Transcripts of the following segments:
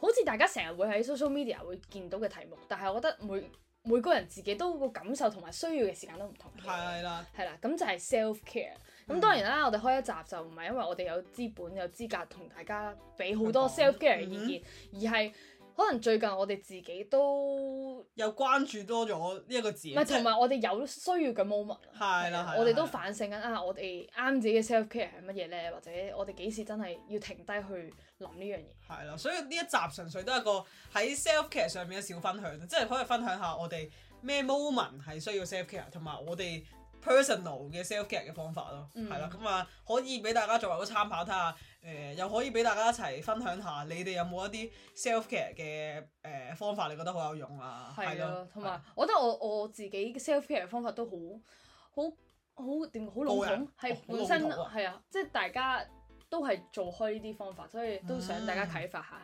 好似大家成日會喺 social media 會見到嘅題目，但係我覺得每每個人自己都個感受同埋需要嘅時間都唔同。係啦了，係啦，咁就係 self care。咁、嗯、當然啦，我哋開一集就唔係因為我哋有資本有資格同大家俾好多 self care 嘅意見，嗯嗯而係。可能最近我哋自己都有關注多咗呢一個字，唔係同埋我哋有需要嘅 moment，係啦，我哋都反省緊啊，我哋啱自己嘅 self-care 係乜嘢咧？或者我哋幾時真係要停低去諗呢樣嘢？係啦，所以呢一集純粹都係一個喺 self-care 上面嘅小分享，即係可以分享下我哋咩 moment 係需要 self-care，同埋我哋。personal 嘅 self care 嘅方法咯，係啦、嗯，咁啊可以俾大家作為個參考睇下，誒、呃、又可以俾大家一齊分享下你有有，你哋有冇一啲 self care 嘅誒、呃、方法？你覺得好有用啊？係咯，同埋我覺得我我自己嘅 self care 方法都好好好點好老土，係、啊、本身係、哦、啊，即係、就是、大家都係做開呢啲方法，所以都想大家啟發下。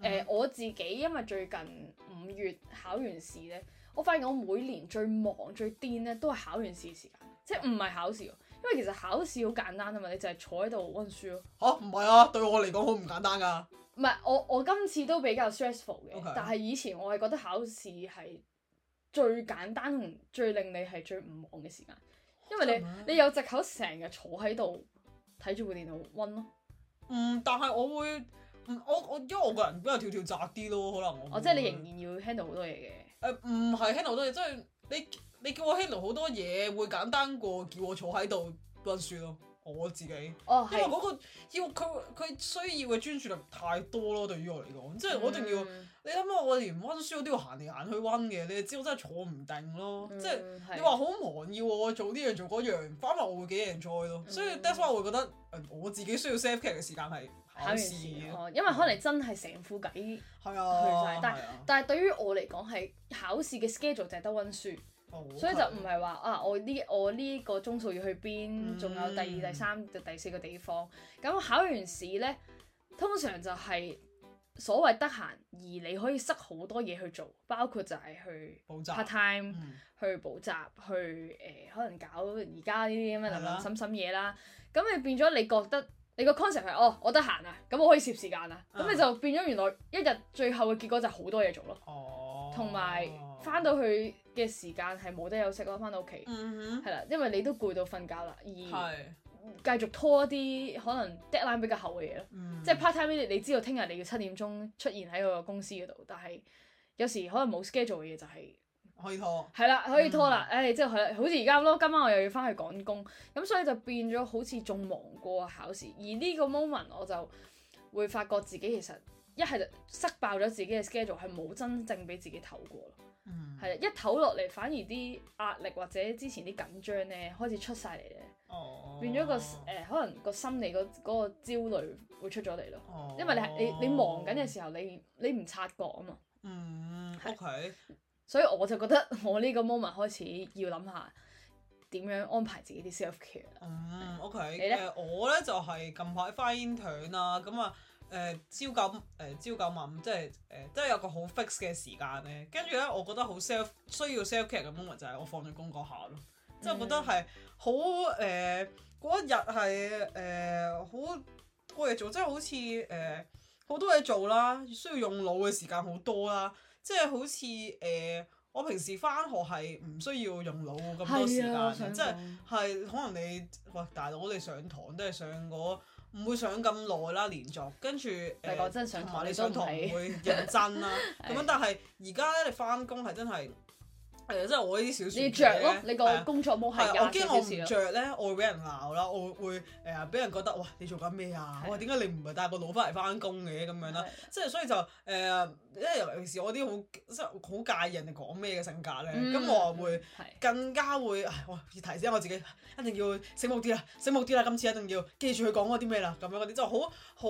誒、嗯嗯呃、我自己因為最近五月考完試咧。我發現我每年最忙最癲咧，都係考完試時間，即係唔係考試。因為其實考試好簡單啊嘛，你就係坐喺度温書咯。吓、啊？唔係啊，對我嚟講好唔簡單噶。唔係我我今次都比較 stressful 嘅，Okay. 但係以前我係覺得考試係最簡單同最令你係最唔忙嘅時間，因為你你有隻口成日坐喺度睇住部電腦温咯。嗯，但係我會，我我因為我個人比較跳跳紮啲咯，嗯、可能我，我即係你仍然要 handle 好多嘢嘅。誒唔係 handle 好多嘢，即係你你叫我 handle 好多嘢，會簡單過叫我坐喺度温書咯。我自己，哦、因為嗰個要佢佢需要嘅專注力太多咯，對於我嚟講，即、就、係、是、我一定要。嗯、你諗下，我連溫書都要行嚟行去溫嘅，你知道我真係坐唔定咯。即係你話好忙，要我做啲嘢做嗰樣，反埋我會幾 enjoy 咯。嗯、所以 Desmond 覺得我自己需要 save 劇嘅時間係考試。考啊、因為可能真係成副計係啊，但係、啊、但係對於我嚟講係考試嘅 schedule 就凈得溫書。所以就唔係話啊，我呢我呢個鐘數要去邊，仲有第二、第三、第第四個地方。咁考完試呢，通常就係所謂得閒，而你可以塞好多嘢去做，包括就係去 part time、去補習、去誒可能搞而家呢啲咁樣諗諗諗諗嘢啦。咁你變咗你覺得你個 concept 係哦，我得閒啊，咁我可以攝時間啊，咁你就變咗原來一日最後嘅結果就係好多嘢做咯。同埋翻到去嘅時間係冇得休息咯，翻到屋企係啦，因為你都攰到瞓覺啦，而繼續拖一啲可能 deadline 比較後嘅嘢咯，嗯、即係 part time 你你知道聽日你要七點鐘出現喺個公司嗰度，但係有時可能冇 schedule 嘅嘢就係、是、可以拖，係啦可以拖啦，唉、嗯，即係、哎就是、好似而家咁咯，今晚我又要翻去趕工，咁所以就變咗好似仲忙過考試，而呢個 moment 我就會發覺自己其實一係就塞爆咗自己嘅 schedule，係冇真正俾自己唞過咯。係啦、嗯，一唞落嚟，反而啲壓力或者之前啲緊張咧，開始出晒嚟咧，哦、變咗個誒、呃，可能個心理嗰、嗰個嗰個焦慮會出咗嚟咯。哦、因為你係你你忙緊嘅時候，你你唔察覺啊嘛。嗯，O、okay, K。所以我就覺得我呢個 moment 開始要諗下點樣安排自己啲 self care。嗯，O、okay, K。你咧、呃？我咧就係近排返 intern 啊，咁啊。誒、呃、朝九誒、呃、朝九晚五，即係誒都係有個好 fix 嘅時間咧。跟住咧，我覺得好 self 需要 self care 嘅 moment 就係我放咗工嗰下咯。即係覺得係好誒嗰一日係誒好多嘢做，即係好似誒好多嘢做啦，需要用腦嘅時間好多啦。即係好似誒、呃、我平時返學係唔需要用腦咁多時間，啊、即係係可能你喂大佬你上堂都係上嗰。唔會上咁耐啦，連續跟住誒、呃、同埋你上堂唔會認真啦，咁樣 的但係而家咧，你翻工係真係。啊，即係我呢啲小事，你着咯，你個工作冇，係我驚我唔著咧，我會俾人鬧啦，我會誒俾人覺得哇，你做緊咩啊？哇，點解你唔係帶個腦翻嚟翻工嘅咁樣啦？即係所以就誒，因為尤其是我啲好即係好介意人哋講咩嘅性格咧，咁我啊會更加會，我提醒我自己，一定要醒目啲啦，醒目啲啦，今次一定要記住佢講過啲咩啦，咁樣嗰啲真係好好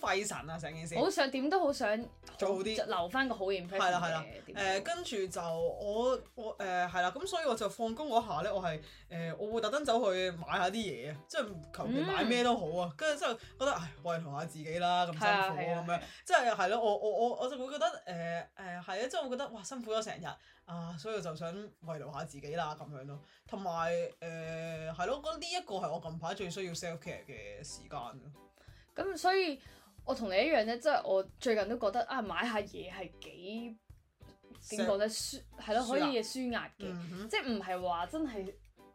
費神啊成件事。好想點都好想做啲留翻個好 impact 嘅。係啦係啦，誒跟住就我。我誒係啦，咁、呃、所以我就放工嗰下咧，我係誒、呃、我會特登走去買下啲嘢啊，即係求其買咩都好啊，跟住之後覺得唉，慰勞下自己啦，咁辛苦咁、啊啊、樣，即係係咯，我我我我就會覺得誒誒係啊，即係、啊、我覺得哇辛苦咗成日啊，所以我就想慰勞下自己啦咁樣咯，同埋誒係咯，覺得呢一個係我近排最需要 self care 嘅時間。咁所以我同你一樣咧，即、就、係、是、我最近都覺得啊買下嘢係幾～點講咧，舒係咯，可以嘅。舒壓嘅，即係唔係話真係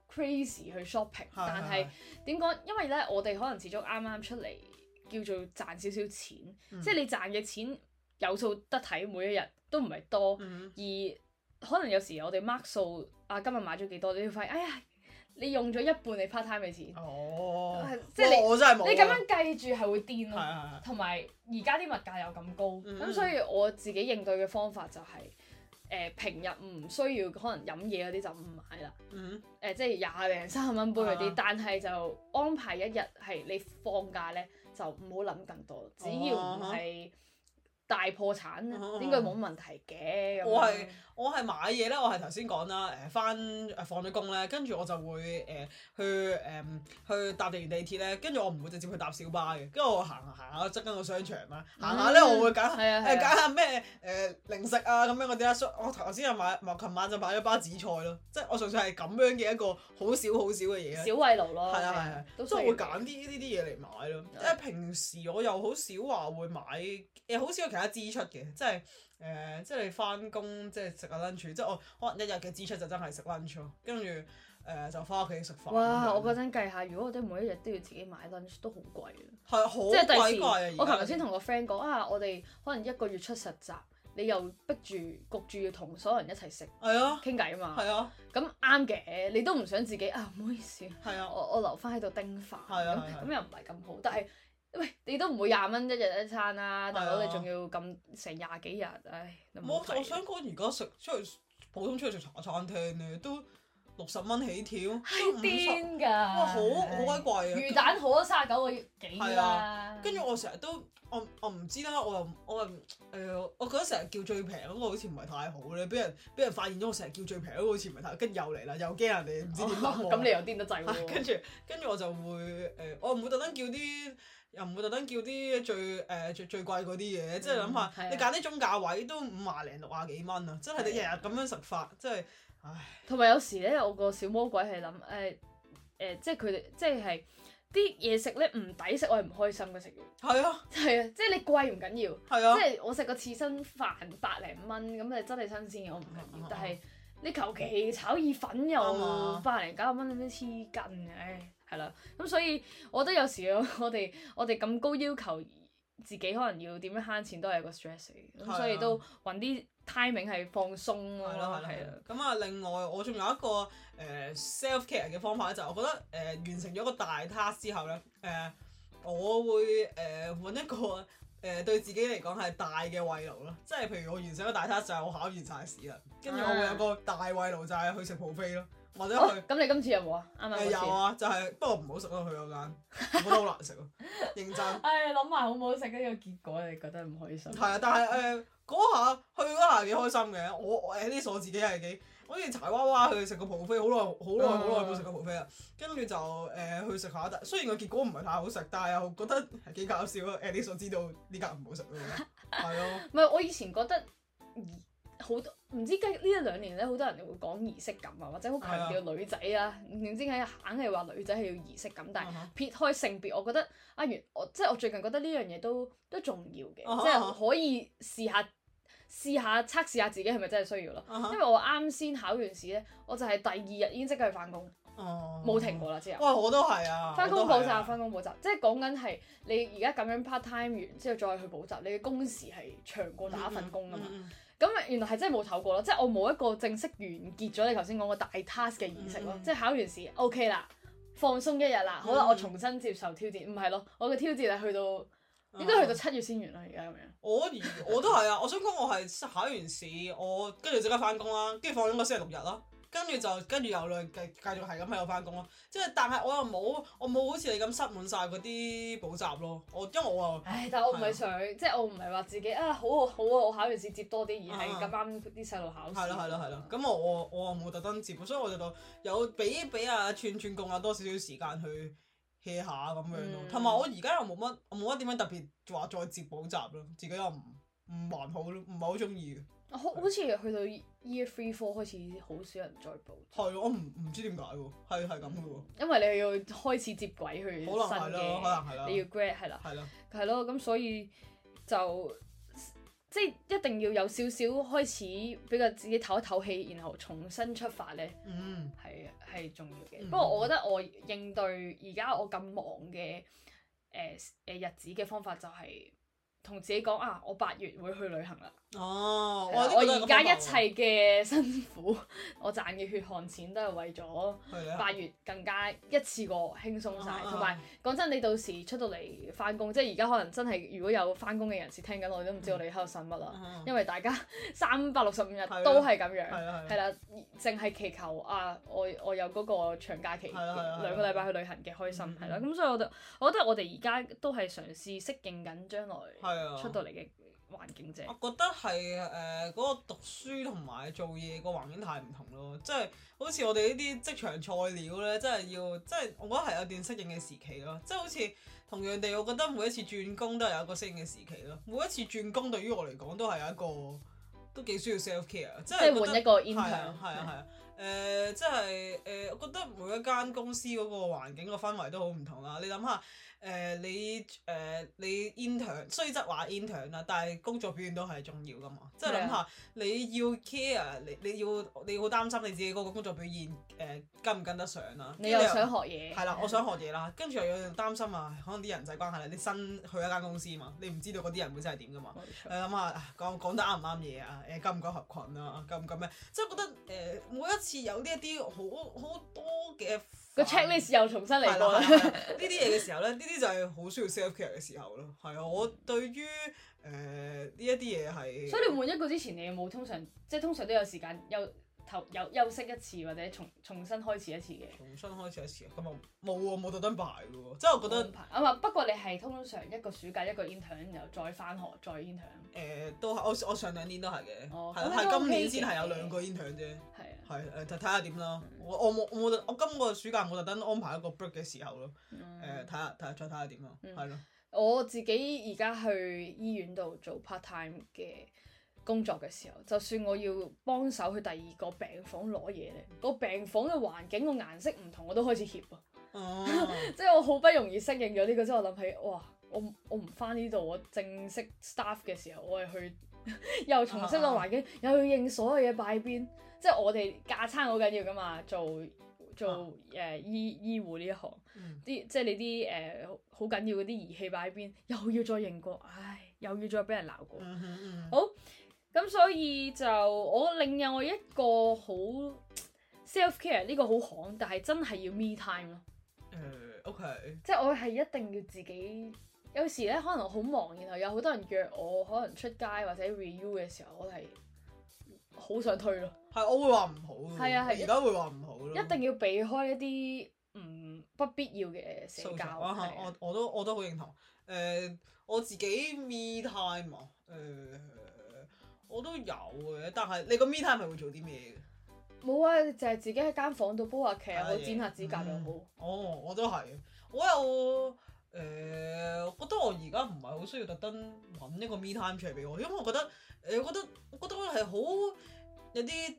crazy 去 shopping，但係點講？因為咧，我哋可能始終啱啱出嚟，叫做賺少少錢，即係你賺嘅錢有數得睇，每一日都唔係多，而可能有時我哋 mark 數啊，今日買咗幾多，你要發現，哎呀，你用咗一半你 part time 嘅錢，哦，即係你咁樣計住係會癲咯，同埋而家啲物價又咁高，咁所以我自己應對嘅方法就係。誒、呃、平日唔需要可能飲嘢嗰啲就唔買啦，誒、嗯呃、即係廿零三十蚊杯嗰啲，啊，但係就安排一日係你放假咧就唔好諗咁多，啊、只要唔係大破產、啊、應該冇問題嘅。啊、麼我係。我係買嘢咧，我係頭先講啦，誒翻放咗工咧，跟住我就會誒、呃、去誒、呃、去搭地鐵咧，跟住我唔會直接去搭小巴嘅，走走走跟住我行下行下側緊個商場啦，行下咧我會揀誒揀下咩誒零食啊咁樣嗰啲啦，所我頭先又買琴晚就買咗包紫菜咯，即我純粹係咁樣嘅一個好少好少嘅嘢，小慰勞咯，係啊係啊，所以會揀啲呢啲嘢嚟買咯，即平時我又好少話會買，誒好少有其他支出嘅，即係。誒，即係你翻工，即係食個 lunch，即係我可能一日嘅支出就真係食 lunch，跟住誒就翻屋企食飯。哇！我嗰陣計下，如果我哋每一日都要自己買 lunch，都好貴啊。係啊，好即係幾貴啊，我琴日先同個 friend 講啊，我哋可能一個月出實習，你又逼住焗住要同所有人一齊食，係啊，傾偈啊嘛，係啊，咁啱嘅，你都唔想自己啊，唔好意思，係啊，我我留翻喺度叮飯，係啊，咁又唔係咁好，但係。餵！你都唔會廿蚊一日一餐啦、啊，大佬是、啊、你仲要咁成廿幾日，唉冇計。我想講如果食出去普通出去食茶餐廳咧，都六十蚊起跳，係癲㗎！哇，好好鬼貴啊！魚蛋好多卅九個幾、嗯嗯、啊！跟住我成日都我我唔知啦，我又我又誒、呃，我覺得成日叫最平，不過好似唔係太好咧，俾人俾人發現咗我成日叫最平，好似唔係太好，跟住又嚟啦，又驚人哋唔知點諗我。咁、哦嗯、你又癲得滯喎！跟住跟住我就會誒、呃，我唔會特登叫啲。又唔會特登叫啲最誒、呃、最最貴嗰啲嘢，即係諗下你揀啲中價位都五廿零六廿幾蚊啊！是啊真係你日日咁樣食法，即係，唉。同埋有時咧，我個小魔鬼係諗誒誒，即係佢哋即係啲嘢食咧唔抵食，我係唔開心嘅食。係是啊，啊，係啊，即係你貴唔緊要，係是啊、即係我食個刺身飯百零蚊咁你真係新鮮嘅，我唔介意。但係。你求其炒意粉又百零九蚊都黐筋嘅，唉，係啦，咁、嗯、所以我覺得有時我哋我哋咁高要求自己，可能要點樣慳錢都係一個 stress 嘅的，咁所以都揾啲 timing 係放鬆咯，係啦。咁啊，另外我仲有一個誒、呃、self care 嘅方法咧，就係、我覺得誒、呃、完成咗一個大 task 之後咧，誒、呃、我會誒揾、呃、一個。誒、呃、對自己嚟講係大嘅慰勞咯，即係譬如我完成咗大 task 就係、是、我考完曬試啦，跟住我會有個大慰勞就係、是、去食 buffet 咯，或者去。咁、哦、你今次有冇啊？有啊，就係、是、不過唔好食咯、啊，佢嗰間覺得好難食啊，認真。 唉，諗埋好唔好食呢、啊這個結果，你覺得唔開心。係啊， 但係誒嗰下去嗰下幾開心嘅，我誒呢我自己係幾。好似柴娃娃去食個蒲飛好耐好耐好耐冇食過蒲飛跟住就誒、呃、去食下。但雖然個結果唔係太好食，但係又覺得幾搞笑。誒，你所知道呢間唔好食咯，係咯。唔係 我以前覺得好多，唔知呢一兩年咧，好多人會講儀式感啊，或者好強調女仔啊，唔是、啊、知點解硬係話女仔係要儀式感。但撇開性別，我覺得阿源、啊，我即係我最近覺得呢樣嘢都都重要嘅，即係可以試下。啊啊試下測試下自己係咪真係需要咯，uh huh. 因為我啱先考完試呢，我就係第二日已經即刻去返工，冇、uh huh. 停過啦之後。喂，我都係啊，返工補習返工、啊、補、補習，即係講緊係你而家咁樣 part time 完之後再去補習，你嘅工時係長過打一份工噶嘛？咁、mm hmm. 原來係真係冇唞過咯，即係我冇一個正式完結咗你頭先講個大 task 嘅儀式咯，即係考完試 OK 啦，放鬆一日啦，好啦，mm hmm. 我重新接受挑戰，唔係咯，我嘅挑戰係去到。應該去到七月先完啦，而家咁樣。 我我都係啊，我想講我係考完試，我跟住即刻翻工啦，跟住放咗個星期六日啦，跟住就跟住又嚟繼繼續係咁喺度翻工啦。即係但係我又冇，我冇好似你咁塞滿晒嗰啲補習咯。我因為我又，唉，是但我唔係想，即係是我唔係話自己啊，好好啊，我考完試接多啲，而係咁啱啲細路考試。係啦係啦係啦，咁我我我冇特登接，所以我就到有俾俾阿串串共啊多少少時間去。hea 下咁樣咯，同埋我而家又冇乜，我冇乜點樣特別話再接補習咯，自己又唔唔還好咯，唔係好中意。好好似去到 Year Three、Four 開始好少人再補。係我唔唔知點解喎，係係咁嘅喎。因為你要開始接軌去可可能新嘅，可能你要 grad 係啦，係咯，係咯，咁所以就。即係一定要有少少開始比較自己唞一唞氣，然後重新出發咧，係係、mm. 重要嘅。Mm. 不過我覺得我應對而家我咁忙嘅誒誒日子嘅方法就係同自己講啊，我八月會去旅行啦。哦，我而家一切嘅辛苦，我賺嘅血汗錢都係為咗八月更加一次過輕鬆晒。同埋講真，你到時出到嚟返工，即係而家可能真係如果有返工嘅人士聽緊，我都唔知我哋喺度想乜啦，因為大家三百六十五日都係咁樣，係啦，淨係祈求啊，我我有嗰個長假期兩個禮拜去旅行嘅開心，係啦，咁所以我覺得我覺得我哋而家都係嘗試適應緊將來出到嚟嘅。環境啫，我覺得係誒嗰個讀書同埋做嘢個環境太唔同咯，即、就、係、是、好似我哋呢啲職場菜鳥咧，即係要即係我覺得係有段適應嘅時期咯，即、就、係、是、好似同樣地，我覺得每一次轉工都係有一個適應嘅時期咯，每一次轉工對於我嚟講都係一個都幾需要 self care，即係換一個 i m 係啊係啊誒，即係誒，我覺得每一間公司嗰個環境個氛圍都好唔同啦，你諗下。誒、呃、你誒、呃、你 intern 雖則話 intern 啦，但係工作表現都係重要噶嘛。即係諗下你要 care，你你要你好擔心你自己嗰個工作表現誒、呃、跟唔跟得上啊。你又想學嘢，係啦，我想學嘢啦，的跟住又要擔心啊，可能啲人際關係啦。你新去一間公司啊嘛，你唔知道嗰啲人本身係點噶嘛。誒諗下講講得啱唔啱嘢啊？誒、欸、合唔合合群啊？合唔合咩、啊？即係覺得誒、呃、每一次有呢一啲好好多嘅。個 checklist、啊、又重新嚟過啦。呢啲嘢嘅時候咧，呢啲就係好需要 self-care 嘅時候咯。係啊，我對於誒呢一啲嘢係。呃、所以你換一個之前，你有冇通常即係通常都有時間休、頭休休息一次，或者重重新開始一次嘅？重新開始一次？咁啊冇啊，冇特登排嘅喎。即係我覺得。啊不過你係通常一個暑假一個 intern，然後再翻學再 intern。誒、呃，都係我我上兩年都係嘅，係啦、哦，係是今年先係有兩個 intern 啫。係。係誒，就睇下點啦。我我冇我冇，我，我，我，我，我，我，我，我今個暑假我特登安排一個 break 嘅時候咯。誒、呃，睇下睇下再睇下點啊。係咯，看看我自己而家去醫院度做 part time 嘅工作嘅時候，就算我要幫手去第二個病房攞嘢咧，嗯、個病房嘅環境、個顏色唔同，我都開始怯啊。哦、嗯， 即係我好不容易適應咗呢個，之後我諗起，哇！我我唔返呢度，我正式 staff 嘅時候，我係去。又 重新個環境，uh, yeah. 又要認所有嘢擺邊，uh, yeah. 即係我哋架撐好緊要噶嘛？做做誒、呃、醫醫護呢一行，啲、uh, yeah. 即係你啲誒好緊要嗰啲儀器擺邊，又要再認過，唉，又要再俾人鬧過。Uh, yeah. 好，咁所以就我另有我一個好 self care 呢個好行，但係真係要 me time 咯。誒、uh, OK，即係我係一定要自己。有時咧可能好忙，然後有好多人約我，可能出街或者 review 嘅時候，我係好想推咯。係，我會話唔好。係啊係，而家會話唔好咯。一定要避開一啲唔不必要嘅社交。嗯啊、的我我，我都我都好認同。誒、呃，我自己 me time 誒、啊呃，我都有嘅。但係你個 me time 係會做啲咩嘅？冇啊，就係、是、自己喺間房度煲下劇又好，剪、啊、下指甲又好、嗯。哦，我都係，我又。我誒、呃，我覺得我而家唔係好需要特登搵一個 me time 出嚟俾我，因為我覺得，、呃、我，覺得我覺得我覺得係好有啲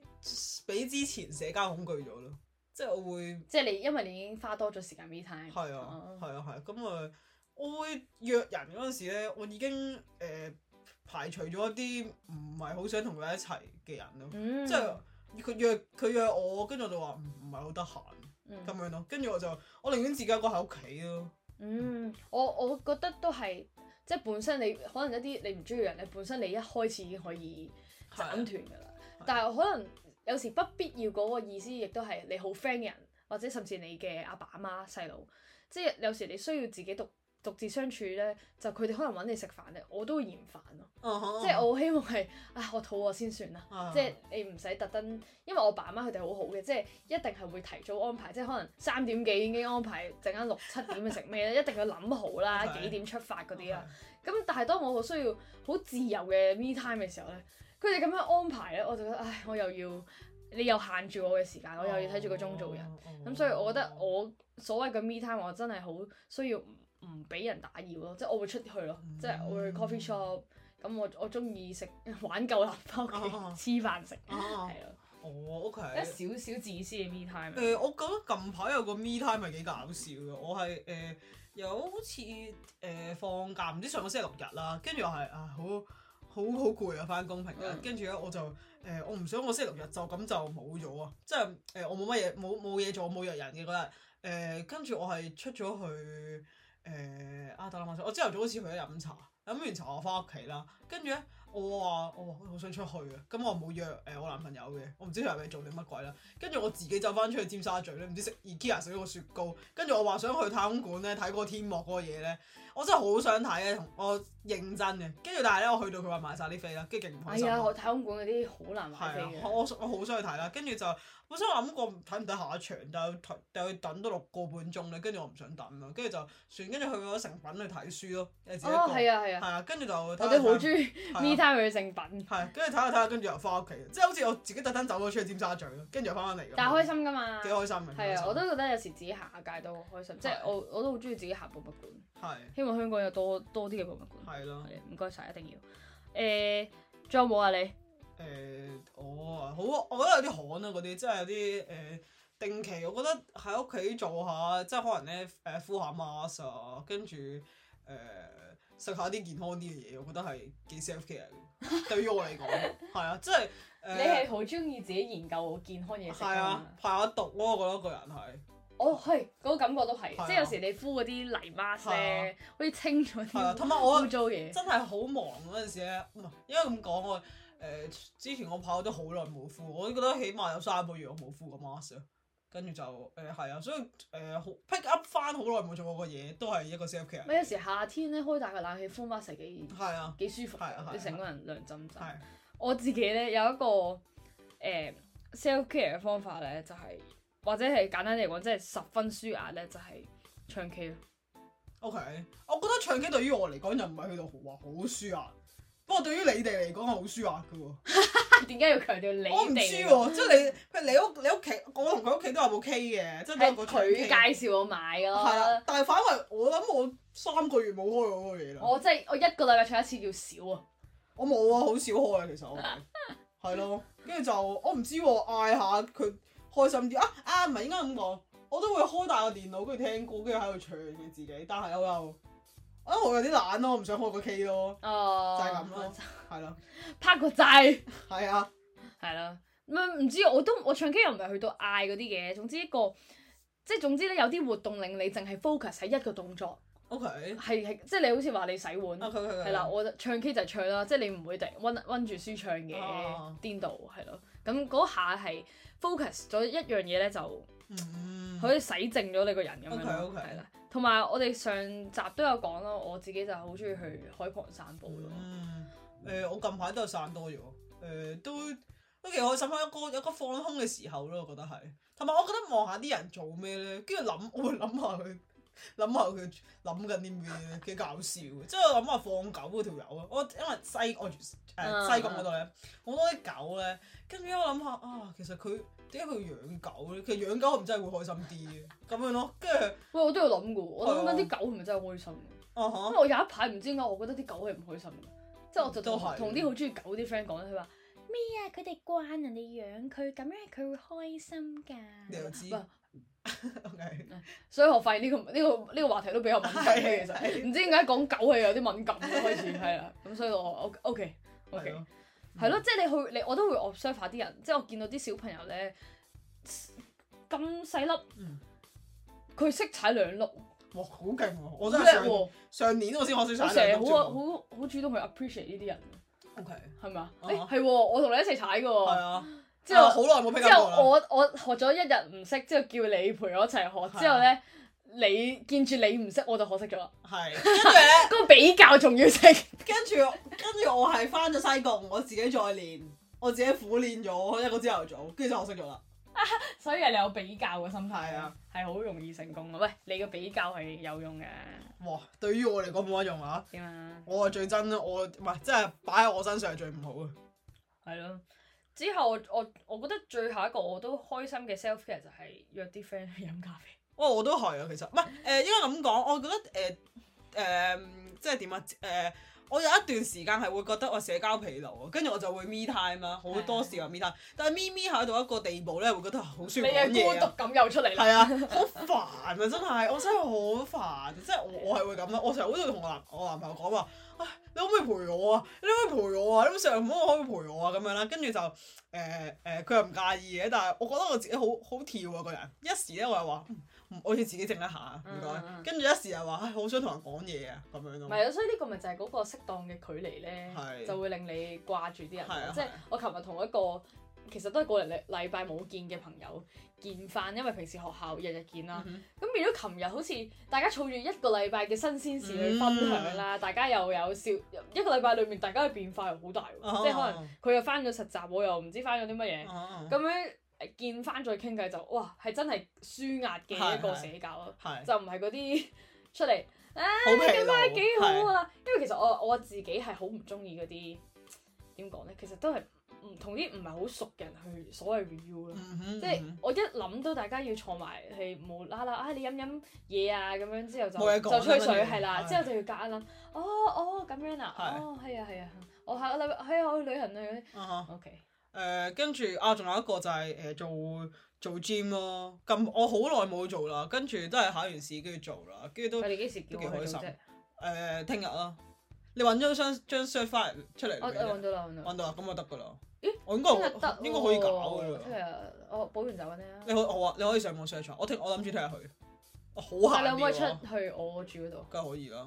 比之前社交恐懼咗咯，即係我會即係你，因為你已經花多咗時間 me time，係啊，係、嗯、啊，係咁啊，啊，我會約人嗰陣時咧，我已經誒、呃、排除咗一啲唔係好想同佢一齊嘅人咯，嗯、即係佢約佢約我，跟住我就話唔唔係好得閒咁樣咯，跟住我就我寧願自己一個喺屋企咯。嗯，我我覺得都係即係本身你可能一啲你唔鍾意嘅人，你本身你一開始已經可以斬斷㗎喇。但係可能有時不必要嗰個意思，亦都係你好 friend 嘅人，或者甚至你嘅阿爸阿媽細佬，即係有時你需要自己讀。獨自相處呢，就佢哋可能揾你食飯咧，我都嫌煩咯。即係我希望係啊，我肚餓先算啦。即係你唔使特登，因為我爸媽佢哋好好嘅，即係一定係會提早安排，即係可能三點幾已經安排，陣間六七點去食咩咧，一定要諗好啦，幾點出發嗰啲啦。咁但係當我好需要好自由嘅 me time 嘅時候呢，佢哋咁樣安排呢，我就覺得唉，我又要你又限住我嘅時間，我又要睇住個鐘做人咁，所以我覺得我所謂嘅 me time，我真係好需要。唔俾人打擾咯，即係我會出去咯，嗯、即係我會去 coffee shop 咁。我我中意食玩夠啦，翻屋企黐飯食係咯。啊啊的哦，OK，一少少自私嘅 me time 誒、呃，我覺得近排有個 me time 係幾搞笑嘅。我係誒、呃、有好似誒、呃、放假，唔知上個星期六日啦，跟住我係啊，好好好攰啊，翻工平啦。跟住咧我就誒、呃，我唔想我星期六日就咁就冇咗啊，即係誒、呃、我冇乜嘢冇冇嘢做，冇約人嘅嗰日誒，跟、呃、住我係出咗去。誒阿德林話：我我朝頭早好似去咗飲茶，飲完茶我翻屋企啦。跟住咧，我話我話好想出去啊。咁我冇約誒我男朋友嘅，我唔知佢係咪做啲乜鬼啦。跟住我自己走翻出去尖沙咀咧，唔知食 IKEA 食咗個雪糕，跟住我話想去太空館咧睇嗰個天幕嗰個嘢咧。我真係好想睇嘅，同我認真嘅。跟住但係咧，我去到佢話買晒啲飛啦，跟住勁唔開心。係啊，太空館嗰啲好難買飛嘅。我我好想去睇啦，跟住就本身我諗過睇唔睇下一場，但係要等，到六個半鐘咧。跟住我唔想等啦，跟住就算。跟住去咗誠品去睇書咯。哦，啊，係啊，係啊。跟住就我哋好中意 me time 嘅誠品。係。跟住睇下睇下，跟住又翻屋企，即係好似我自己特登走咗出去尖沙咀咯，跟住又翻翻嚟。但係開心㗎嘛。幾開心。係啊，我都覺得有時自己行下街都好開心，即係我我都好中意自己行博物館。係。香港有多多啲嘅博物館，係咯的，唔該晒，一定要。誒、呃，仲有冇啊你？誒、呃，我啊，好啊，我覺得有啲渴啊嗰啲，即係有啲誒、呃，定期，我覺得喺屋企做下，即係可能咧，誒敷下 mask 啊，跟住誒食下啲健康啲嘅嘢，我覺得係幾 self-care。對於我嚟講，係啊， 即係、呃、你係好中意自己研究健康嘢？係啊，排下毒咯，我覺得個人係。哦，係嗰個感覺都係，即係有時你敷嗰啲泥 mask 咧，好似清咗啲係啊，同埋我要做嘢。真係好忙嗰陣時咧，唔係，因為咁講我誒之前我跑都好耐冇敷，我都覺得起碼有三個月我冇敷過 mask 跟住就誒係啊，所以誒好 pick up 翻好耐冇做過嘅嘢，都係一個 self care。咩有時夏天咧開大個冷氣敷 mask 係幾，係啊幾舒服，你成個人涼浸浸。我自己咧有一個誒 self care 嘅方法咧，就係。或者係簡單嚟講，即係十分舒壓咧，就係唱 K 咯。O.K. 我覺得唱 K 對於我嚟講又唔係去到豪華好舒壓，不過對於你哋嚟講係好舒壓噶喎。點解 要強調你？我唔知喎，即係你你屋你屋企，我同佢屋企都有部 K 嘅，即係佢介紹我買噶咯。係啦， 但係反為我諗我三個月冇開過嗰個嘢啦。我即係我一個禮拜唱一次叫少啊。我冇啊，好少開啊，其實我。係咯， 跟住就我唔知嗌下佢。開心啲啊！啊，唔係應該咁講，我都會開大個電腦，跟住聽歌，跟住喺度唱嘅自己。但係我又啊，我有啲懶咯，我唔想開個 K 咯、哦，就係咁咯，係啦心，的拍個掣。係啊的，係啦，唔唔知我都我唱 K 又唔係去到嗌嗰啲嘅，總之一個即係總之咧，有啲活動令你淨係 focus 喺一個動作。O K 係係即係你好似話你洗碗。O K O K 係啦，我唱 K 就係唱啦，即係你唔會突然温温住書唱嘅顛倒係咯，咁嗰、啊、下係。focus 咗一樣嘢咧，嗯、就好似洗淨咗你個人咁樣咯，係啦 Okay, okay.。同埋我哋上集都有講啦，我自己就好中意去海旁散步咯。誒、嗯呃，我近排都有散多咗，誒、呃、都都其實我心咯，一個有一個放空嘅時候咯，我覺得係。同埋我覺得望下啲人做咩咧，跟住諗，我會諗下佢。諗下佢諗緊啲咩，幾搞笑，即係我諗下放狗嗰條友啊，我因為西國誒、啊啊、西國嗰度咧，好多啲狗咧，跟住我諗下啊，其實佢點解佢要養狗咧？其實養狗唔真係會開心啲嘅，咁樣咯。跟住，喂，我都有諗過，我諗緊啲狗係咪真係開心？啊 uh、huh, 因為我有一排唔知點解，我覺得啲狗係唔開心嘅。即係、uh huh, 我就同同啲好中意狗啲 friend 講，佢話咩啊？佢哋慣人哋養佢，咁樣佢會開心噶。你又知。Okay. 所以我發現呢、呢個呢、呢個呢、呢個話題都比較敏感。其實唔知點解講狗係有啲敏感開始，係啦。 咁所以我 O K O K，係咯，即係你去你我都會 observe 啲人，即係我見到啲小朋友咧咁細粒，佢識、嗯、踩兩碌，哇好勁喎！我都上， 上年我先學識踩，成日好好好，好主動去 appreciate 呢啲人，O K 係咪啊？誒係喎，我同你一齊踩嘅喎。 之後好耐冇，之後我我學咗一日唔識，之後叫你陪我一齊學，之後咧你見住你唔識，我就學識咗啦。係，嗰個比較仲要識。跟住跟住我係翻咗西貢，我自己再練，我自己苦練咗一個朝頭早，跟住就學識咗啦。所以係你有比較嘅心態啊，係好容易成功啊。喂，你嘅比較係有用嘅。哇，對於我嚟講冇乜用啊。點啊？我係最憎我唔係即係擺喺我身上係最唔好嘅。係咯。之後我我我覺得最後一個我都開心嘅 self care 就係約啲 friend 去飲咖啡。哇、哦！我都係啊，其實唔係誒，應該咁講，我覺得誒誒、呃呃、即係點啊？誒、呃，我有一段時間係會覺得我社交疲勞，跟住我就會 me time 啦，好多時話 me time，的但係 me me 下到一個地步咧，會覺得好舒服。你嘅孤獨感又出嚟啦，係啊的，好 煩啊！真係，我真係好煩，即係我的我係會咁啦。我成日都會同我男我男朋友講話。你可唔可以陪我啊？你可唔可以陪我啊？你上唔好可，可以陪我啊？咁樣啦，跟住就誒誒，佢、呃、又唔介意嘅，但係我覺得我自己好好跳啊個人。一時咧我又話、嗯，我要自己靜一下，唔該。跟住、嗯、一時又話，我好想同人講嘢啊，咁樣咯。唔係啊，所以呢個咪就係嗰個適當嘅距離咧，是就會令你掛住啲人。啊。即係、啊啊、我琴日同一個。其實都係過嚟禮禮拜冇見嘅朋友見翻，因為平時學校日日見啦。咁、嗯、哼變咗琴日，好似大家儲住一個禮拜嘅新鮮事去分享啦。嗯、大家又有笑，一個禮拜裏面大家嘅變化又好大，啊、即係可能佢又翻咗實習，我又唔知翻咗啲乜嘢。咁、啊、樣見翻再傾偈就哇，係真係舒壓嘅一個社交咯。嗯嗯嗯、就唔係嗰啲出嚟啊，今日幾好啊！是因為其實我我自己係好唔中意嗰啲點講咧，其實都係。唔同啲唔係好熟嘅人去所謂 review 啦，即係我一諗到大家要坐埋係無啦啦啊，你飲飲嘢啊咁樣，之後就冇嘢講就吹水係啦，之後就要夾啦哦哦咁樣啊，哦係啊係啊，我下個禮拜係啊，我去旅行啊嗰 OK，誒跟住啊仲有一個就係誒做做 gym 咯，咁我好耐冇做啦，跟住都係考完試跟住做啦，跟住都你幾時叫我去嘅啫？誒聽日啦，你揾咗張張 shot 翻出嚟，我揾到啦，揾到啦，揾到啦，咁就得噶啦。咦，欸、我應該得，啊、應該可以搞嘅喎。今日我補完就嗰啲啦。你好，好啊，你可以上網 search 下我聽，我諗住睇下佢，好下、啊。你可唔可以出去我住嗰度？梗係可以啦。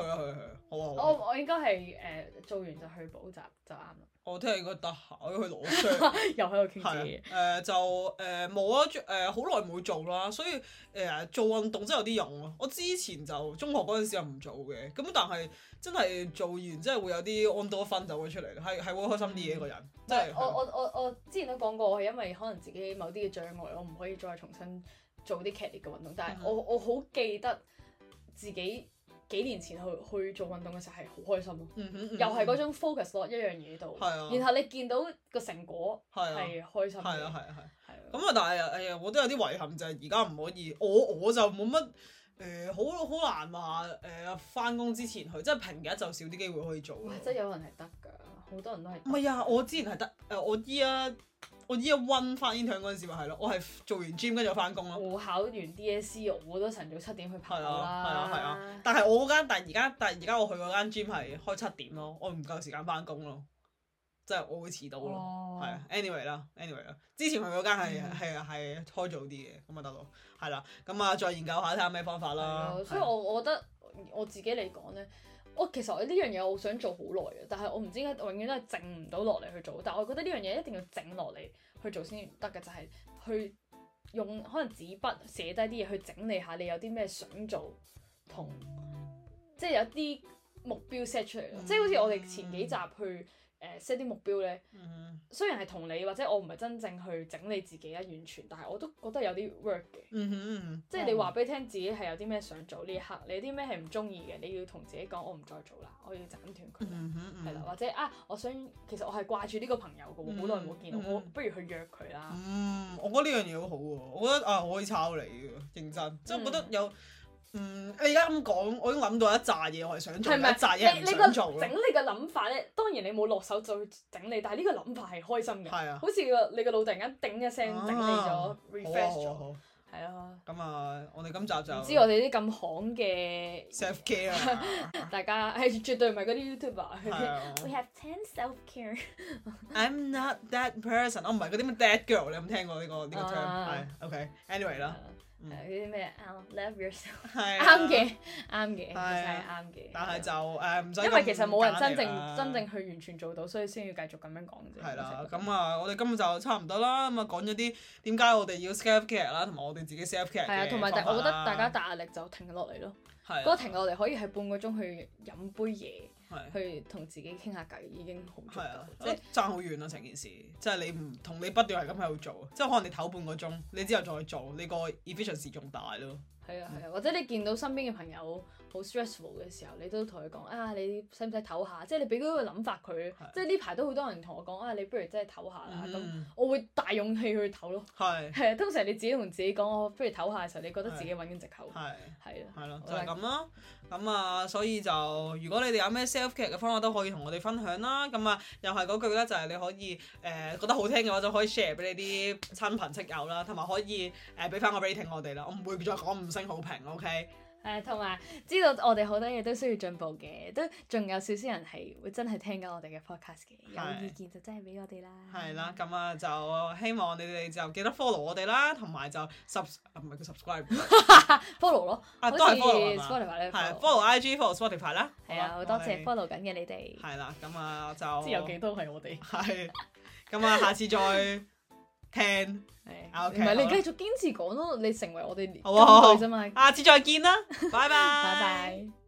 去啊去去、啊，好啊好！我我應該係誒、呃、做完就去補習就啱啦。我聽日應該得閒，去攞張，又喺度傾偈。就誒冇 啊，誒好耐冇做啦，所以誒、呃、做運動真係有啲用啊！我之前就中學嗰陣時就唔做嘅，咁但係真係做完真係會有啲安多芬走咗出嚟，係係會開心啲嘅個人。即係、嗯、的我、啊、我我我之前都講過，我係因為可能自己某啲嘅障礙，我唔可以再重新做啲劇烈嘅運動，但係我我好記得自己。幾年前去去做運動嘅時候係好開心咯，嗯嗯嗯、又係嗰種 focus 落一樣嘢度，啊、然後你見到個成果係開心啊，係啊係，咁啊，啊，啊但係，哎、欸、呀我都有啲遺憾就係而家唔可以，我我就冇乜誒好好難話誒翻工之前去，即係平日就少啲機會可以做。哇！真係有人係得㗎。好多人都係唔係啊！我之前係得誒，我依家我依家溫翻 intern 嗰陣時咪係咯，我係做完 gym 跟住翻工咯。我考完 DSE 我都晨早七點去跑啦，係啊係啊，但係我間但係而家但係而家我去嗰間 gym 係開七點咯，我唔夠時間翻工咯，即係我會遲到咯。係啊，哦，anyway 啦，anyway 啦，之前去嗰間係係係開早啲嘅，咁咪得咯。係啦，咁啊再研究下睇下咩方法啦。所以我我覺得了我自己嚟講咧。我其實我呢樣嘢我想做好耐嘅，但係我唔知點解永遠都係靜唔到落嚟去做。但係我覺得呢樣嘢一定要靜落嚟去做先得嘅，就係去用可能紙筆寫低啲嘢，去整理下你有啲咩想做，同即係有啲目標 set 出嚟。即係好似我哋前幾集去。誒 set 啲目標咧，mm hmm. 雖然係同你或者我唔係真正去整理自己啊，完全，但係我都覺得有啲 work 嘅，mm hmm. oh. 即係你話俾你聽自己係有啲咩想做呢一刻，你有啲咩係唔中意嘅，你要同自己講我唔再做啦，我要斬斷佢，係啦、mm hmm.，或者啊，我想其實我係掛住呢個朋友嘅喎，好耐冇見，mm hmm. 我不如去約佢啦。嗯、mm hmm. 啊，我覺得呢樣嘢好好喎，我覺得啊，我可以抄你嘅，認真，真，即係、mm hmm. 我覺得有。嗯，你而家咁講，我已經諗到一紮嘢我係想做，一紮嘢唔想做，整理個諗法咧，當然你冇落手再整理，但係呢個諗法係開心嘅。係啊，好似個你個腦突然間頂一聲整理咗，refresh 咗。好，好，係啊。咁啊，我哋今集就知我哋啲咁行嘅 self care，大家係絕對唔係嗰啲 YouTuber. We have ten self care. I'm not that person，我唔係嗰啲咩 that girl，你有冇聽過呢個呢個 term？係 OK，anyway 啦。誒啲咩啱，love yourself，啱嘅，啱嘅，係啱嘅。但係就誒，因為其實冇人真正真正去完全做到，所以先要繼續咁樣講啫。係啦 Yeah,，咁啊、嗯，我哋今日就差唔多啦。咁啊，講咗啲點解我哋要 self care 啦，同埋我哋自己 self care 嘅方法啦。係啊，同埋、yeah, 我覺得大家大壓力就停落嚟咯。嗰停落嚟可以係半個鐘去飲杯嘢，係去同自己傾下偈已經好足。係啊，即係爭好遠咯，成件事。即係你唔同你不斷係咁喺度做，即係可能你唞半個鐘，你之後再做，你個 efficiency 仲大咯。係啊係啊，或者你見到身邊嘅朋友。好 stressful 嘅時候，你都同佢講啊，你使唔使唞下？即係你俾嗰個諗法佢。的即係呢排都好多人同我講啊，你不如真係唞下啦。咁、嗯、我會大勇氣去唞咯。係係的，通常你自己同自己講，我不如唞下嘅時候，你覺得自己揾緊藉口。係係啦，係咯，就係咁咯。咁啊，所以就如果你哋有咩 self-care 嘅方法都可以同我哋分享啦。咁啊，又係嗰句啦，就係、是、你可以誒、呃、覺得好聽嘅話就可以 share 俾你啲親朋戚友啦，同埋可以誒俾翻個 rating 我哋啦。我唔會再講五星好評，OK？誒，同埋、uh, 知道我哋好多嘢都需要進步嘅，都仲有少少人係會真係聽緊我哋嘅 podcast 嘅，的有意見就真係俾我哋啦。係啦，咁啊就希望你哋就記得 follow 我哋啦，同埋就 sub 唔係叫 subscribe，follow 咯。啊，像都係 fo fo follow IG，follow Spotify 啦。係啊的，好吧多謝 follow 緊嘅你哋。係啦，咁啊就。知有幾多係我哋？係。 咁啊，下次再。 聽，唔係 ok，你繼續堅持講咯，你成為我哋金句啫嘛，好好好，下次再見啦，拜拜，拜拜。